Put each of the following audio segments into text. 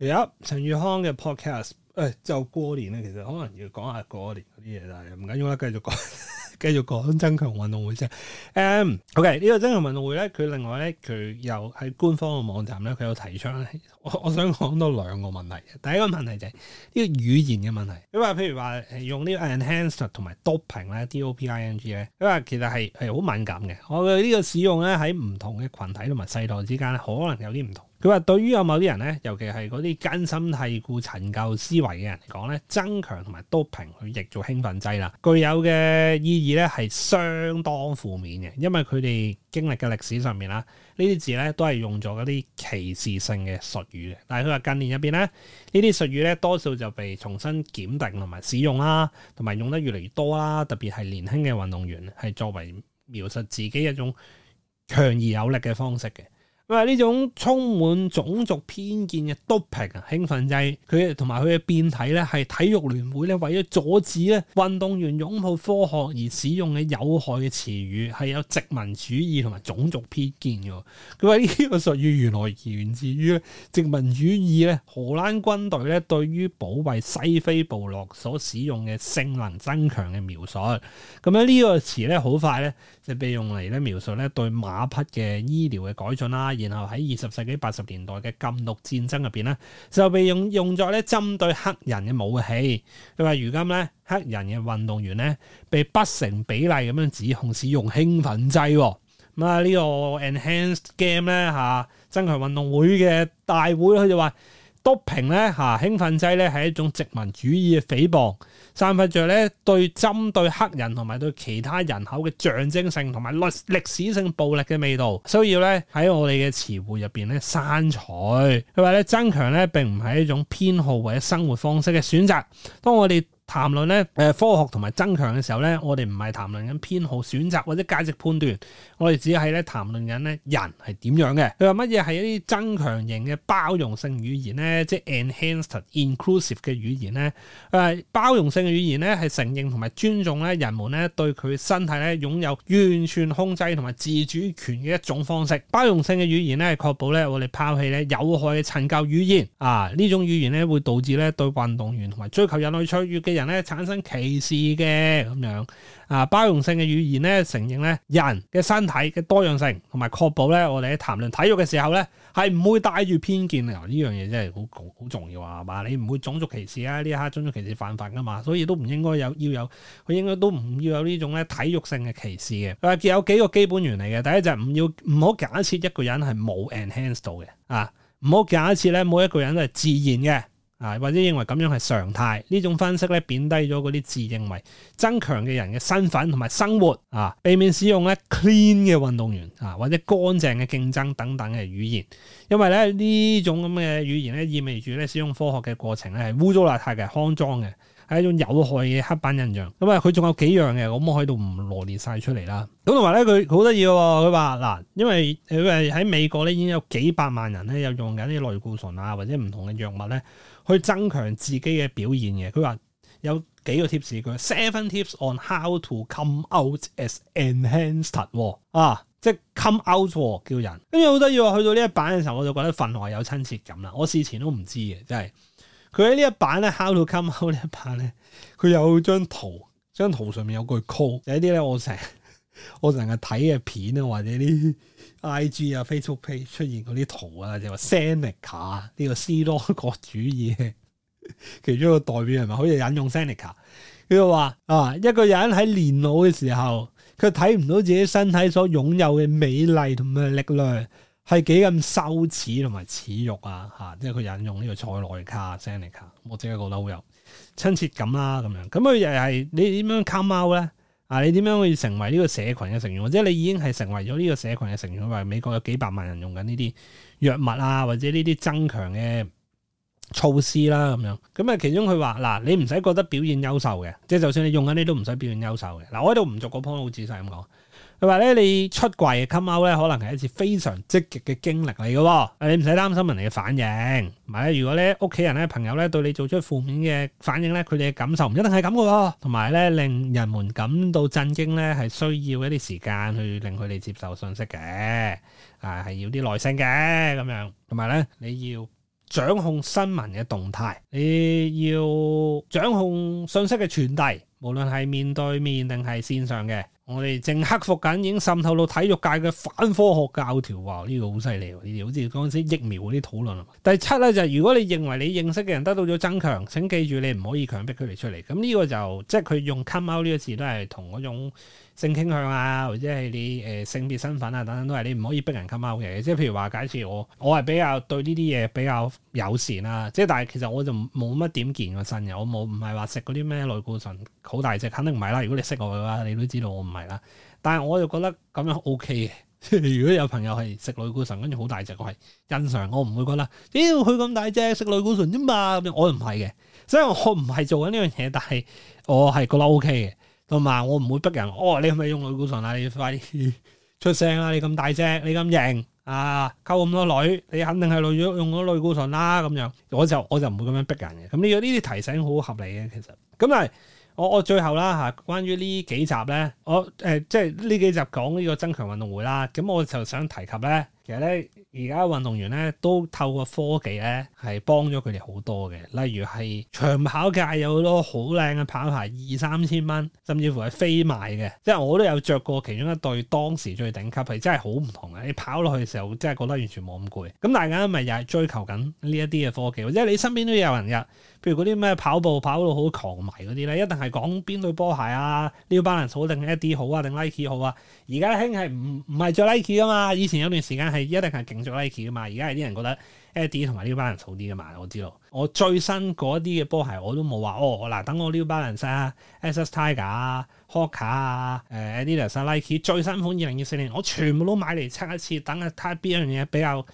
而家陳宇康嘅 podcast，誒、哎，就過年咧，其實可能要講下過年嗰啲嘢，但係唔緊要啦，繼續講，繼續講增強運動會先。誒、嗯、，OK，呢個增強運動會咧，佢另外咧，佢又喺官方嘅網站咧，佢有提出咧，我我想講多兩個問題。第一個問題就係、是、呢、這個語言嘅問題，因為譬如話用呢個 enhanced 同埋 doping 咧，doping 咧，因為其實係係好敏感嘅，我嘅呢個使用咧喺唔同嘅群體同埋世代之間咧，可能有啲唔同。佢話：對於有某啲人咧，尤其係嗰啲根深蒂固、陳舊思維嘅人嚟講咧，增強同埋多平佢譯做興奮劑啦，具有嘅意義咧係相當負面嘅，因為佢哋經歷嘅歷史上面啦，呢啲字咧都係用咗嗰啲歧視性嘅術語嘅。但係佢話近年入邊咧，呢啲術語咧多數就被重新檢定同埋使用啦，同埋用得越嚟越多啦，特別係年輕嘅運動員係作為描述自己一種強而有力嘅方式嘅。話呢種充滿種族偏見嘅 doping 啊興奮劑，佢同埋佢嘅變體咧，係體育聯會咧為咗阻止咧運動員擁抱科學而使用嘅有害嘅詞語，係有殖民主義同埋種族偏見嘅。佢話呢個術語原來源自於殖民主義咧荷蘭軍隊咧對於保衛西非部落所使用嘅性能增強嘅描述。咁樣呢個詞咧好快咧就被用嚟咧描述咧對馬匹嘅醫療嘅改進啦。然後喺二十世紀八十年代嘅禁毒戰爭入邊咧，就被用用作咧針對黑人嘅武器。佢話如今咧，黑人嘅運動員咧被不成比例咁樣指控使用興奮劑。咁啊呢個 Enhanced Game 咧吓增強運動會嘅大會，佢就話。毒品咧吓興奮劑咧係一種殖民主義嘅誹謗，散發着咧對針對黑人同埋對其他人口嘅象徵性同埋歷歷史性暴力嘅味道，需要咧喺我哋嘅詞彙入邊咧刪除，佢話咧增強咧並唔係一種偏好或者生活方式嘅選擇，當我哋，談論咧，誒，科學同埋增強嘅時候咧，我哋唔係談論緊偏好選擇或者價值判斷，我哋只係咧談論緊咧人係點樣嘅。佢話乜嘢係一啲增強型嘅包容性語言咧，即係 enhanced inclusive 嘅語言咧。佢，呃、包容性嘅語言咧係承認同埋尊重咧人們咧對佢身體咧擁有完全控制同埋自主權嘅一種方式。包容性嘅語言咧係確保咧我哋拋棄咧有害嘅陳舊語言啊，呢種語言咧會導致咧對運動員同埋追求人類卓越嘅。人咧產生歧視嘅咁樣啊，包容性嘅語言咧承認咧人嘅身體嘅多樣性，同埋確保咧我哋喺談論體育嘅時候咧係唔會帶住偏見嘅。呢樣嘢真係好好重要啊！係嘛，你唔會種族歧視啊？呢一刻種族歧視犯法噶嘛，所以都唔應該有要有，佢應該都唔要有呢種咧體育性嘅歧視嘅。佢話有幾個基本原理嘅，第一就係唔要唔好假設一個人係冇 enhanced 到嘅啊，唔好假設咧每一個人都係自然嘅。或者認為咁樣係常態，呢種分析咧，貶低咗嗰啲自認為增強嘅人嘅身份同埋生活啊，避免使用咧 clean 嘅運動員啊，或者乾淨嘅競爭等等嘅語言，因為咧呢種咁嘅語言咧，意味住咧使用科學嘅過程咧係污糟邋遢嘅、骯髒嘅。係一種有害嘅黑板印象。咁、嗯、啊，佢仲有幾樣嘅、嗯，我冇喺度唔羅列晒出嚟啦。咁同埋咧，佢好得意嘅。佢話嗱，因為佢係喺美國咧，已經有幾百萬人咧，有用緊啲類固醇啊，或者唔同嘅藥物咧，去增強自己嘅表現嘅。佢話有幾個貼士，佢 seven tips on how to come out as enhanced 喎啊，即係 come out 叫人。跟住好得意喎，去到呢一版嘅時候，我就覺得份外有親切感啦。我事前都唔知嘅，真係。佢喺呢一版咧，敲到襟口呢一版咧，佢有張圖，張圖上面有句 call，有一啲咧我成我成日睇嘅片咧，或者啲 I G 啊、Facebook page 出現嗰啲圖啊，就話 Seneca 呢個斯多葛主義，其中一個代表係咪？好似引用 Seneca，佢就話啊，一個人喺年老嘅時候，佢睇唔到自己身體所擁有嘅美麗同埋力量。係幾咁羞恥同埋恥辱啊！吓、啊，即係佢引用呢個塞內卡 （Seneca），我即刻覺得好有親切感啦、啊。咁樣，咁佢又係你點樣 come out 咧？啊，你點樣去成為呢個社群嘅成員？或者你已經係成為咗呢個社群嘅成員。話美國有幾百萬人用緊呢啲藥物啊，或者呢啲增強嘅措施啦、啊，咁樣。咁啊，其中佢話嗱，你唔使覺得表現優秀嘅，即係就算你用緊，你都唔使表現優秀嘅。嗱，我喺度唔逐個 point 好仔細咁講。佢話咧，你出櫃 come out 咧，out, 可能係一次非常積極嘅經歷嚟嘅。你唔使擔心人哋嘅反應。係如果咧屋企人咧、朋友咧對你做出負面嘅反應咧，佢哋嘅感受唔一定係咁㗎。同埋咧，令人們感到震驚咧，係需要一啲時間去令佢哋接受信息嘅。啊，係要啲耐性嘅咁樣。同埋咧，你要掌控新聞嘅動態，你要掌控信息嘅傳遞。無論係面對面定係線上嘅，我哋正克服緊已經滲透到體育界嘅反科學教條啊！呢、這個好犀利，呢啲好似嗰陣時疫苗嗰啲討論。第七呢，就係，如果你認為你認識嘅人得到咗增強，請記住你唔可以強迫佢哋出嚟。咁、嗯、呢、這個就即係佢用 come out 呢個詞都係同嗰種性傾向啊，或者係你誒、呃、性別身份啊等等都係你唔可以逼人 come out 嘅。即係譬如話假設我我係比較對呢啲嘢比較友善啦、啊，即係但係其實我就冇乜點健過身嘅，我冇唔係話食嗰啲咩類固醇。好大隻，肯定唔係啦。如果你識我嘅話，你都知道我唔係啦。但係我就覺得咁樣 OK 嘅。 如果有朋友係食類固醇，跟住好大隻，我係欣賞，我唔會覺得，屌佢咁大隻，食類固醇啫嘛。我唔係嘅，所以我唔係做緊呢樣嘢。但係我係覺得 OK 嘅，同埋我唔會逼人。哦，你係咪用類固醇啊？你快啲出聲啦、啊！你咁大隻，你咁型啊，溝咁多女，你肯定係用咗用咗類固醇啦。咁樣，我就我就唔會咁樣逼人嘅。咁呢呢啲提醒好合理嘅，其實咁嚟。但我我最後啦嚇，關於呢幾集咧，我誒、呃、即係呢幾集講呢個增強運動會啦，咁我就想提及咧。其實咧，而家運動員咧都透過科技咧係幫咗佢哋好多嘅，例如係長跑界有好多好靚嘅跑鞋，二三千蚊，甚至乎係飛賣嘅，即係我都有着過其中一對，當時最頂級係真係好唔同嘅，你跑落去嘅時候真係覺得完全冇咁攰。咁大家咪又係追求緊呢一啲嘅科技，即係你身邊都有人㗎，譬如嗰啲咩跑步跑到好狂迷嗰啲咧，一定係講邊對波鞋啊，New Balance 好定 Adi 好啊，定 Nike 好啊。而家興係唔唔係着 Nike 啊嘛，以前有段時間。係一定係競著 Nike 噶嘛，而家係啲人覺得 Adidas 同埋 New Balance 好啲噶嘛，我知道。我最新嗰啲嘅波鞋我都冇話哦，嗱，等我 New Balance 啊，SS Tiger 啊，Hoka 啊，誒 Adidas Nike 最新款二零二四年，我全部都買嚟測一次，等啊睇下邊樣嘢比較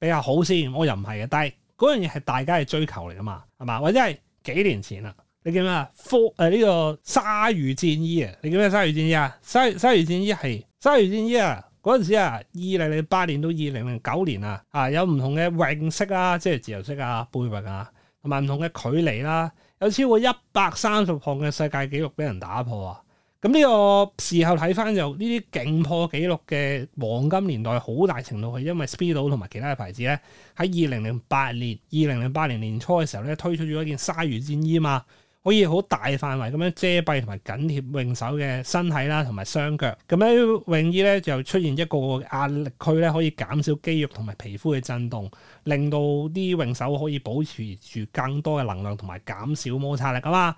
比較好先。我又唔係嘅，但係嗰樣嘢係大家嘅追求嚟噶嘛，係嘛？或者係幾年前啦，你叫咩啊？科誒呢個鯊魚戰,戰,戰,戰衣啊，你叫咩鯊魚戰衣啊？鯊鯊魚戰衣係鯊魚戰衣啊！嗰陣時啊，二零零八年到二零零九年啊，啊有唔同嘅泳式啊，即係自由式啊、背泳啊，同埋唔同嘅距離啦，有超過一百三十項嘅世界紀錄俾人打破啊！咁呢個事後睇翻就呢啲勁破紀錄嘅黃金年代，好大程度係因為 Speedo 同埋其他嘅牌子咧，喺二零零八年、二零零八年年初嘅時候咧，推出咗一件鯊魚戰衣嘛。可以好大範圍咁樣遮蔽同埋緊貼泳手嘅身體啦，同埋雙腳。咁樣泳衣咧就出現一個壓力區咧，可以減少肌肉同埋皮膚嘅震動，令到啲泳手可以保持住更多嘅能量同埋減少摩擦力啊嘛。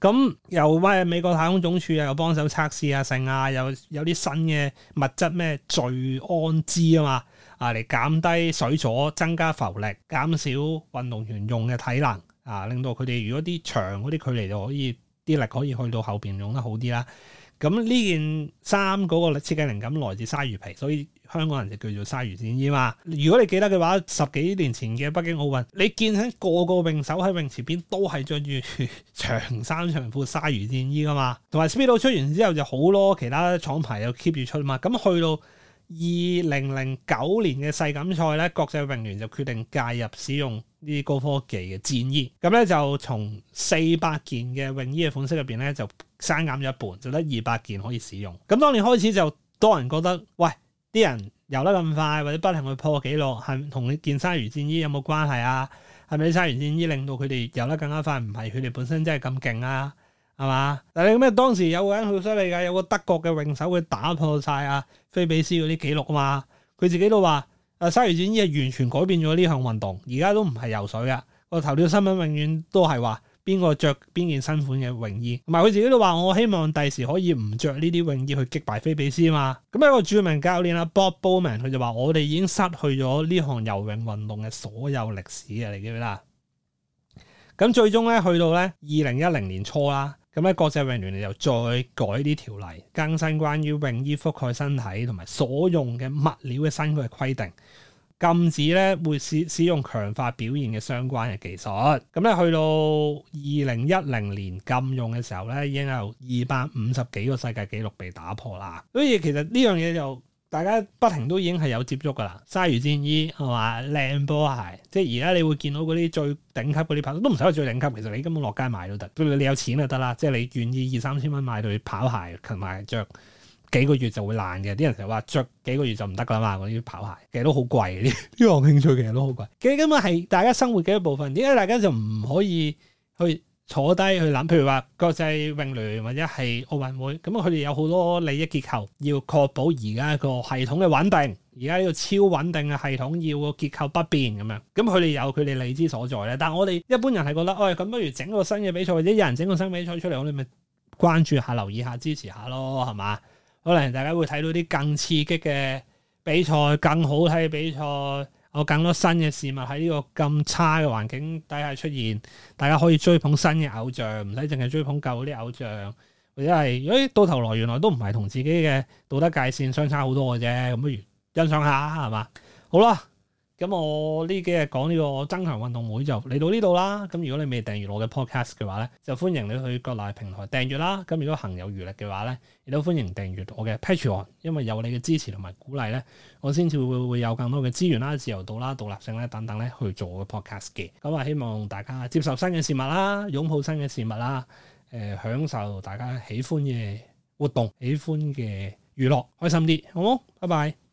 咁又咩？嗯、美國太空總署又幫手測試啊成啊，又有啲新嘅物質咩聚氨酯啊嘛，啊嚟減低水阻，增加浮力，減少運動員用嘅體能。啊！令到佢哋如果啲長嗰啲距離就可以啲力可以去到後邊用得好啲啦。咁呢件衫嗰個設計靈感來自鯊魚皮，所以香港人就叫做鯊魚戰衣嘛。如果你記得嘅話，十幾年前嘅北京奧運，你見喺個個泳手喺泳池邊都係着住長衫長褲鯊魚戰衣㗎嘛。同埋 Speedo 出完之後就好囉，其他廠牌又 keep 住出啊嘛。咁去到二零零九年嘅世錦賽咧，國際泳聯就決定介入使用呢啲高科技嘅戰衣，咁咧就從四百件嘅泳衣嘅款式入邊咧就刪減咗一半，就得二百件可以使用。咁當年開始就多人覺得，喂，啲人游得咁快，或者不停去破紀錄，係咪同你件鯊魚戰衣有冇關係啊？係咪鯊魚戰衣令到佢哋游得更加快？唔係佢哋本身真係咁勁啊？係嘛？嗱，你咩？當時有個人好犀利噶，有個德國嘅泳手佢打破晒阿菲比斯嗰啲記錄啊嘛。佢自己都話：，誒，鯊魚戰衣係完全改變咗呢項運動，而家都唔係游水噶。頭條個頭條新聞永遠都係話邊個着邊件新款嘅泳衣，同埋佢自己都話：我希望第時可以唔着呢啲泳衣去擊敗菲比斯啊嘛。咁一個著名教練阿 Bob Bowman 佢就話：我哋已經失去咗呢項游泳運動嘅所有歷史啊！你記唔記得？咁最終咧，去到咧二零一零年初啦。咁咧，國際泳聯又再改啲條例，更新關於泳衣覆蓋身體同埋所用嘅物料嘅新嘅規定，禁止咧會使使用強化表現嘅相關嘅技術。咁咧，去到二零一零年禁用嘅時候咧，已經有二百五十幾個世界紀錄被打破啦。所以其實呢樣嘢就大家不停都已經係有接觸噶啦，鯊魚戰衣係嘛，靚波鞋，即係而家你會見到嗰啲最頂級嗰啲跑，都唔使最頂級，其實你根本落街買都得，你有錢就得啦。即係你願意二三千蚊買對跑鞋，同埋着幾個月就會爛嘅。啲人成日話着幾個月就唔得啦嘛，嗰啲跑鞋，其實都好貴。呢呢個興趣其實都好貴，其實根本係大家生活嘅一部分。點解大家就唔可以去，坐低去諗，譬如話國際泳聯或者係奧運會，咁佢哋有好多利益結構，要確保而家個系統嘅穩定。而家呢個超穩定嘅系統，要個結構不變咁樣，咁佢哋有佢哋利益所在咧。但係我哋一般人係覺得，喂、哎、咁不如整個新嘅比賽，或者有人整個新比賽出嚟，我哋咪關注下、留意下、支持下咯，係嘛？可能大家會睇到啲更刺激嘅比賽，更好睇嘅比賽。有更多新嘅事物喺呢個咁差嘅環境底下出現，大家可以追捧新嘅偶像，唔使淨係追捧舊啲偶像，或者係誒、哎、到頭來原來都唔係同自己嘅道德界線相差好多嘅啫，咁不如欣賞下，係嘛？好啦。咁我呢幾日講呢個增強運動會就嚟到呢度啦。咁如果你未訂閱我嘅 podcast 嘅話咧，就歡迎你去各大平台訂閱啦。咁如果行有餘力嘅話咧，亦都歡迎訂閱我嘅 Patreon。因為有你嘅支持同埋鼓勵咧，我先至會會有更多嘅資源啦、自由度啦、獨立性咧等等咧去做我嘅 podcast 嘅。咁啊，希望大家接受新嘅事物啦，擁抱新嘅事物啦，誒、呃，享受大家喜歡嘅活動、喜歡嘅娛樂，開心啲，好好？拜拜。